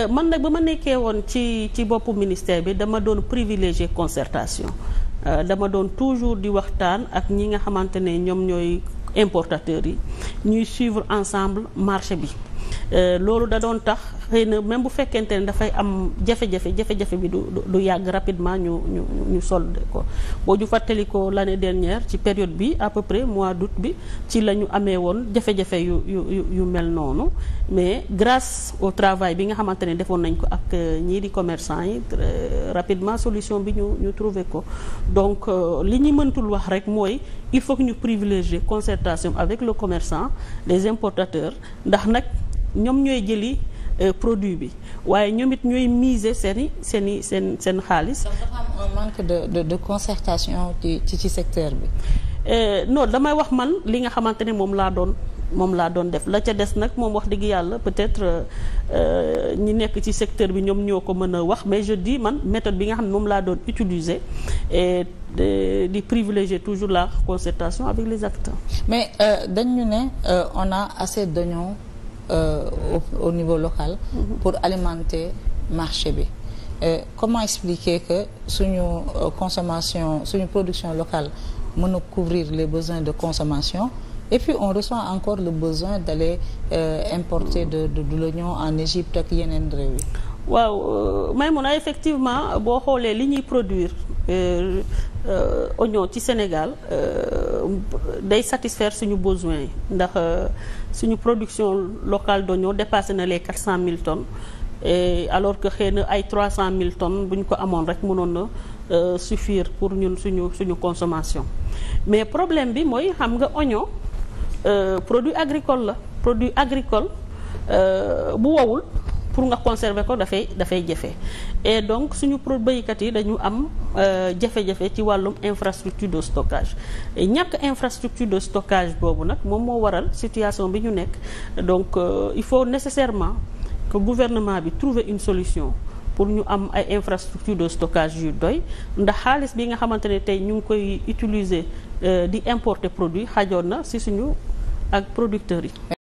Euh, man nag ba ma nekkee woon ci ci boppu ministère bi dama doon privilégier concertation euh, dama doon toujours di waxtaan ak ñi nga xamante ne ñoom ñooy importateurs yi ñuy suivre ensemble marché bi Euh, loolu da doon tax xëy na même bu fekkente ne dafay am jafe-jafe jafe-jafe bi du du yàgg rapidement ñu ñu ñu solde ko boo ju fàttali ko l'année dernière ci période bi à près mois d'août bi ci la ñu amee woon jafe-jafe yu yu mel noonu mais grâce au travail bi nga xamante ne defoon nañ ko ak euh, ñii di commerçant yi euh, rapidement solution bi ñu ñu trouvé ko donc li ñu mëntul wax rek mooy il faut que ñu privilégier concertation avec le commerçant des importateurs ndax nag ñoom ñooy jëli euh, produit bi waaye ñoom it ñooy miser seeni i seen i seen seen xaalis. un de de de concertation ci ci secteur bi. Euh, non damay wax man li nga xamante ne moom laa doon moom laa doon def la ca des nag moom wax dëgg yàlla peut-être euh, ñi nekk ci secteur bi ñoom ñoo ko mën a wax mais je dis man méthode bi nga xam ne moom laa doon utiliser et di privilégier toujours la concertation avec les acteurs. mais dañu euh, ne on a assez d'oignons Euh, au niveau local mhm. pour alimenter marché bi euh, comment expliquer que suñu euh, consommation suñu production locale mën a couvrir les besoins de consommation et puis on ressent encore le besoin d'aller euh, importer de de, de l'oignon en Égypte ak yeneen réew yi waaw Maïmouna effectivement boo xoolee li ñuy produire oignon ci Sénégal day satisfaire suñu besoins yi ndax suñu production locale d'oignon dépassé na les quatre cent mille tonnes et alors que xëy na ay trois cent mille tonnes bu ko amoon rek mënoon na euh, suffire pour ñun suñu suñu consommation mais problème bi mooy xam nga oignon euh, produit agricole la produit agricole euh, bu wowul pour nga conserver ko dafay dafay jafe e donc suñu pro béykat yi dañu am euh, jafe-jafe ci wàllum infrastructure de stockage ñàkk infrastructure de stockage boobu nag moom moo waral situation bi ñu nekk donc euh, il faut nécessairement que gouvernement bi trouver une solution pour ñu am ay infrastructure de stockage yu doy ndax xaalis bi nga xamante ne tey ñu ngi koy utiliser euh, di importer produit xajoon na si suñu ak producteurs yi